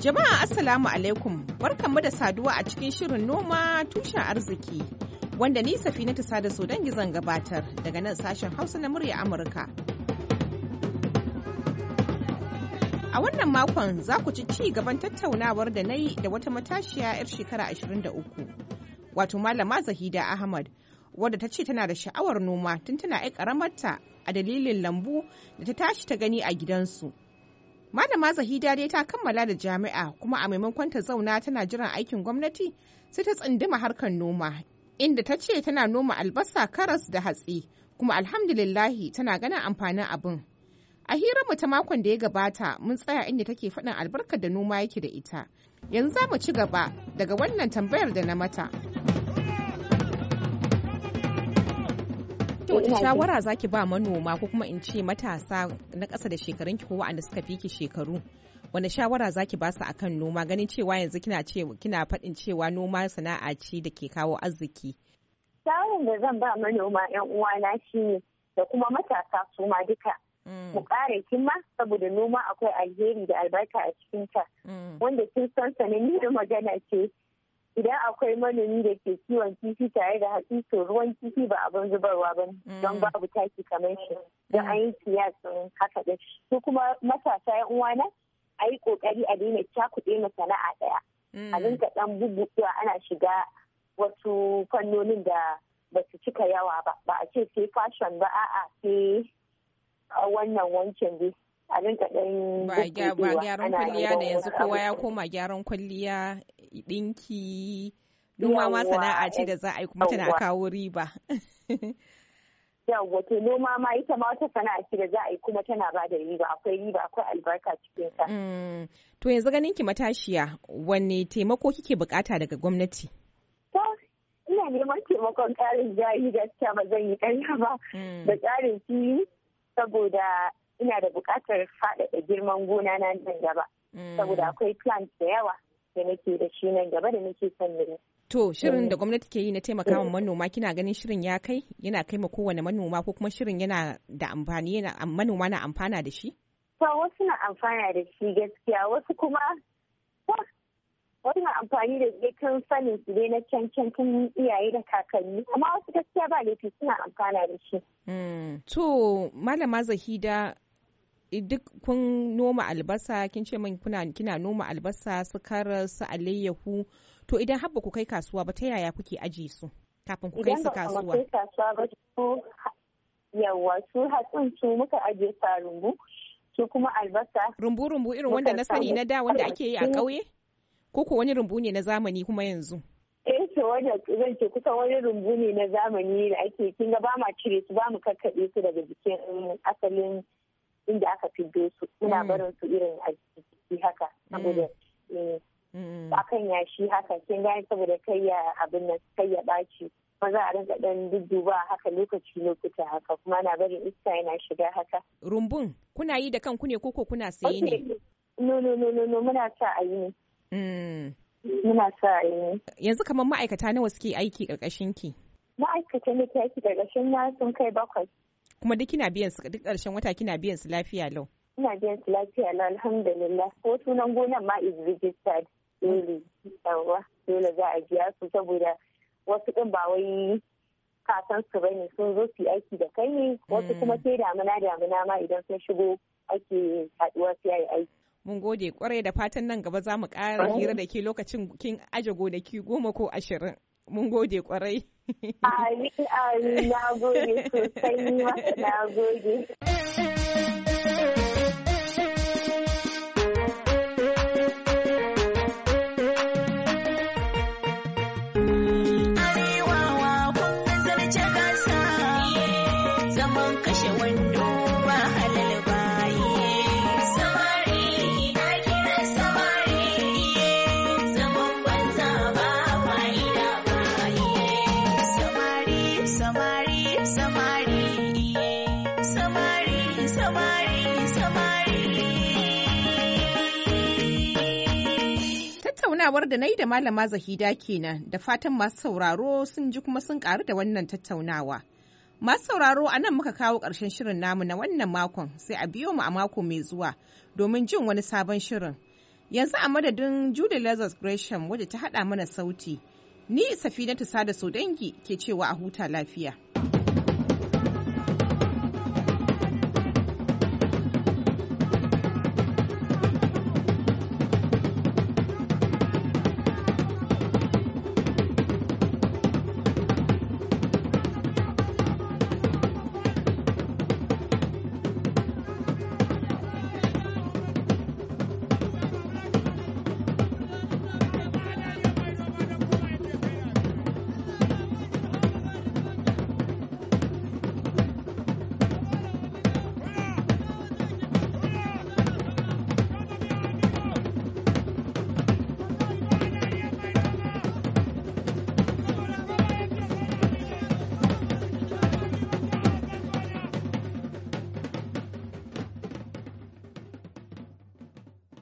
Jama'a Assalamu alaikum barkanmu da saduwa a cikin shirin noma tushen arziki wanda ni safina ta sada so dangi zan gabatar daga nan sashen Hausa na murya Amurka. A wannan makon za ku ci ci gaban tattaunawar da na yi da wata matashiya 'yar shekara 23 wato malama Zahida Ahmad wadda ta ce tana da sha'awar noma tun tana 'yar karamarta a dalilin lambu da ta tashi ta gani a gidansu. Malama Zahida dai ta kammala da jami'a kuma a maimakon ta zauna tana jiran aikin gwamnati sai ta tsindima harkar noma inda ta ce tana noma albasa karas da hatsi kuma alhamdulillahi tana ganin amfanin abin. A hirar mu ta makon da ya gabata mun tsaya inda take faɗin albarka da noma yake da ita. Yanzu za mu ci gaba daga wannan tambayar da na mata. ita wata shawara zaki ba manoma ko kuma in ce matasa na ƙasa da shekarun ki ko waɗanda suka fi ki shekaru wanda shawara zaki basu su kan noma ganin cewa yanzu kina ce faɗin cewa noma sana'a ce da ke kawo arziki shawarar da zan ba manoma yan uwana shine da kuma matasa su ma duka mm. mu ƙara himma saboda noma akwai alheri da albarka a cikinta mm. wanda kin san sananniyar magana ce idan akwai manomi da ke kiwon kifi tare da hatsi to ruwan kifi ba abin zubarwa ba mm. don babu taki kamar shi don an yi kiyasin haka da su kuma matasa ya uwana a yi kokari a daina cakuɗe ma sana'a ɗaya a mm. dinka ɗan bubuɗewa ana shiga wasu fannonin da ba su cika yawa ba ba a ce sai fashon ba a'a sai wannan wancan dai a ɗan ba gyaran kwalliya da yanzu kowa ya koma gyaran kwalliya ɗinki noma ma sana'a ce da za a yi kuma tana kawo riba yawwa to noma ma ita ma wata sana'a ce da za a yi kuma tana ba da riba akwai riba akwai albarka cikin mm. to yanzu ganin ki matashiya wanne taimako kike bukata daga gwamnati to ina neman taimakon karin jari gaskiya ba zan yi ƙarya ba mm. da ƙarin fili saboda ina da buƙatar faɗaɗa girman gona na nan gaba mm. saboda akwai plant da yawa da nake da shi nan gaba da nake son yi to shirin da mm. gwamnati ke yi na taimakawa mm. manoma kina ganin shirin ya kai yana kai ma kowane manoma ko kuma shirin yana da amfani yana manoma na amfana da shi to wasu na amfana da shi gaskiya wasu kuma wasu na amfani da tun sanin su dai na cancan tun iyaye da kakanni amma wasu gaskiya ba laifi suna amfana da shi. to malama zahida Eh, duk kun noma albasa kin ce min kuna kina noma albasa su karas su alayyahu to idan har ba ku kai kasuwa ba ta yaya kuke aji su kafin ku kai su kasuwa idan ba kasuwa ba su yawa su hatsin su muka aje sarungu rumbu su kuma albasa rumbu rumbu irin wanda na sani na da wanda ake yi a ƙauye ko ko wani rumbu ne na zamani kuma yanzu eh to wanda zan ce kusa wani rumbu ne na zamani da ake kinga ba ma cire su ba mu kakkaɓe su daga jikin asalin inda aka fiddo su ina mm. barin su irin a jiki haka saboda mm. Eh, mm. akan yashi haka sai gani saboda kai ya abin nan kai ya ɓaci kuma za a rinka dan dudduba haka lokaci lokuta haka kuma na barin iska yana shiga haka. Rumbun kuna yi da kanku ne koko kuna saye ne? No no no no no muna sa a yi ne. Muna sa a yi ne. Yanzu kamar ma'aikata nawa suke aiki ƙarƙashin ki? Ma'aikata ne ke aiki ƙarƙashin na sun kai bakwai. kuma duk kina biyan su duk ƙarshen wata kina biyan su lafiya lau ina biyan su lafiya lau alhamdulillah ko sunan gonan ma is registered dole yawa dole za a biya su saboda wasu ɗin ba wai kasan su bane sun zo su aiki da kai ne wasu kuma mm. sai damuna damuna ma idan sun shigo ake haɗuwa su yi aiki mun gode kwarai da fatan nan gaba za mu ƙara hira da ke lokacin kin aje gonaki goma ko ashirin mun gode kwarai. Amin, amin, na gode sosai, na gode. Tattaunawar da na yi da Malama Zahida kenan da fatan masu sauraro sun ji kuma sun karu da wannan tattaunawa. Masu sauraro a nan muka kawo ƙarshen shirin namu na wannan makon sai a biyo mu a mako mai zuwa domin jin wani sabon shirin. Yanzu a madadin Judy Lazarus Gresham wadda ta haɗa mana sauti, ni Safinatu Sada dangi ke cewa a huta lafiya.